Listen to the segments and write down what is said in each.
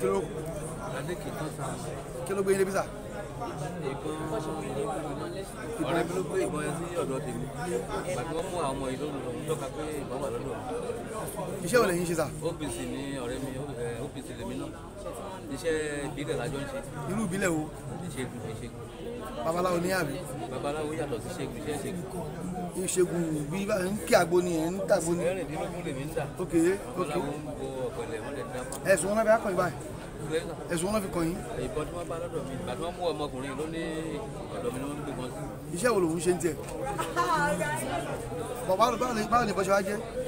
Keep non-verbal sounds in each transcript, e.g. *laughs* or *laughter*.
kilo kilo gbé yín débi sá. ọ̀rẹ́ mi ló gbé ìbọn yẹn sí ọ̀dọ̀ tèmi pàtó wọ́n mú àwọn ọmọ yìí lóru lọ́wọ́ lọ́ka pé ìbọn wà lọ́dọ̀. iṣẹ́ wo lẹ́yìn ṣe sá. OPC ni ọ̀rẹ́ mi OPC lèmi náà iṣẹ́ ìbílẹ̀ lájọ ń ṣe. irú ìbílẹ̀ wo. ìṣègùn ìṣègùn. babaláwo ní àbí. babaláwo yàtọ̀ sí ṣègùn iṣẹ́ ìṣègùn. ìṣègùn bí bá ń kí àgbo ni ẹ̀ ń tàgbo ni. ẹ̀rìndínlógún lèmi ń tà. ok ok. ẹ̀sùn wọn náà fi akọ̀ ìbáyìí ẹ̀sùn wọn náà fi kàn yín. ìbọn tí wọ́n bá lọ́dọ̀ mi ìgbà tí wọ́n mú ọmọkùnrin ló ní ọ̀dọ̀ mi ni wọ́n ń gbé *laughs*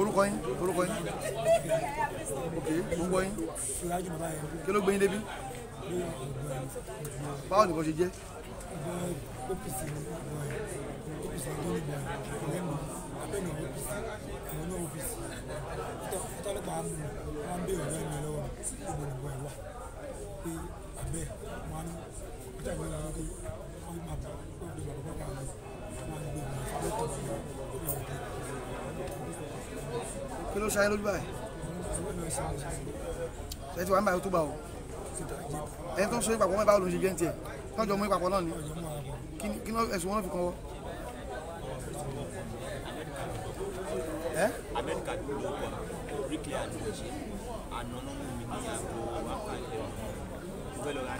orúkọ yín orúkọ yín ok orúkọ yín kí ló gbé yín débi báwo nìkan ṣe jẹ́ abẹ́ wọn kí ló ṣayé lójú báyìí ẹ ti wà ń báyìí tó gbà o ẹni tó ń sọ yín papọ̀ mọ́ ẹ báwo ló ń ṣe jẹ́ ń tiẹ̀ tọ́jọ́ yín papọ̀ náà ni kí ni ẹ̀sùn wọn fi kàn wọ́. àná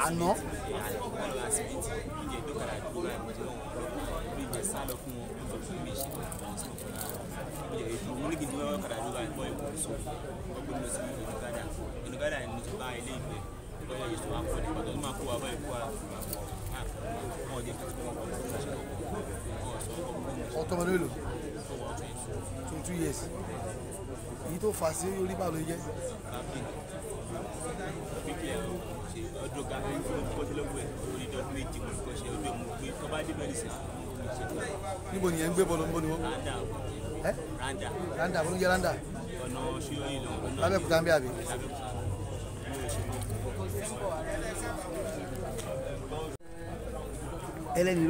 àná Yusuf ọgbẹ́ mi lọ sí ìlú Ghana ìlú Ghana ni mo ti bá ilé ìgbẹ́ lọ́yọ̀ Yusuf ọtọ ọmọdé lò twenty two years èyí tó fà sí orí báwo ló jẹ. ọdún ga ń gbé bọ́ọ̀lù ń bọ́ ni wọ́n. randa randa. bọ́ọ̀lù ń jẹ́ randa ọ̀nà ṣíyọ́ ìlànà. lábẹ́kúta ń bí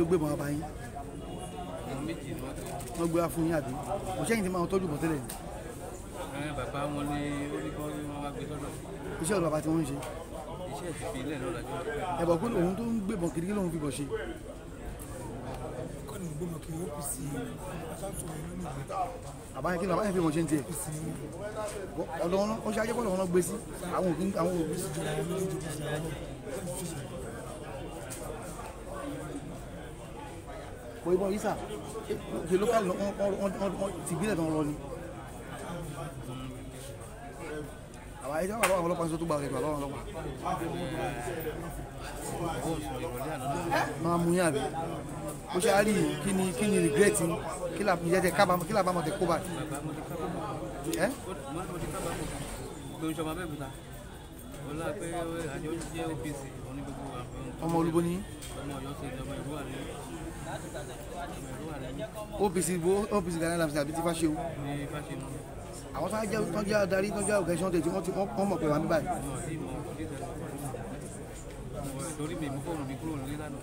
ló gbé bọ̀n ọba yín wọ́n gbé wá yín àbí kò sẹ́yìn tí máa tọ́jú bọ̀ tẹ́lẹ̀ ni. bàbá wọn ní oríkọ́ ni wọ́n wá gbé lọ́dọ̀. iṣẹ́ ọ̀dọ̀ bàbá tí wọ́n ń ṣe. iṣẹ́ ìfìlẹ̀ lọ́dọ̀. ẹ̀bọ̀ pé òun tó ń gbébọn kiri kí lóun fi bọ̀ ṣe nù gbọ́dọ̀ kí apc aṣáájú rẹ̀ nínú ìgbẹ́. àbáyé kí ni àbáyé fi mọ̀ ṣe ń tiẹ̀. ọ̀dọ̀ wọn ó ṣe ajẹ́ pọ̀lọ̀ wọn lọ gbé sí àwọn òbí àwọn òbí sì jọra wọn méjèèjì òbí sì jọra wọn. kò ìbọn yìí sà ṣe lókàlì tìbílẹ̀ tán lọ ni. àbáyé tí wọn bá lọ́wọ́ ọlọ́pàá sọ tó gba ọ̀rẹ́dùn àlọ́wọ́ ọlọ́pàá. máa mú yín mo ṣe á rí kí ni kí ni regret kí là ń yẹtẹ kábàámọ̀ kí là bá mọ̀ tẹ kó bá. ọmọ olúbo ni OPC OPC Ghana Lamps àbí ti Fáṣewu àwọn tó ń jẹ́ tó ń jẹ́ adarí tó ń jẹ́ ọ̀gá ìṣọ́ntẹ̀ tí wọ́n ti wọ́n mọ̀ pé wà ní báyìí. torí mi mú fóònù mi kúrò nílé lánàá.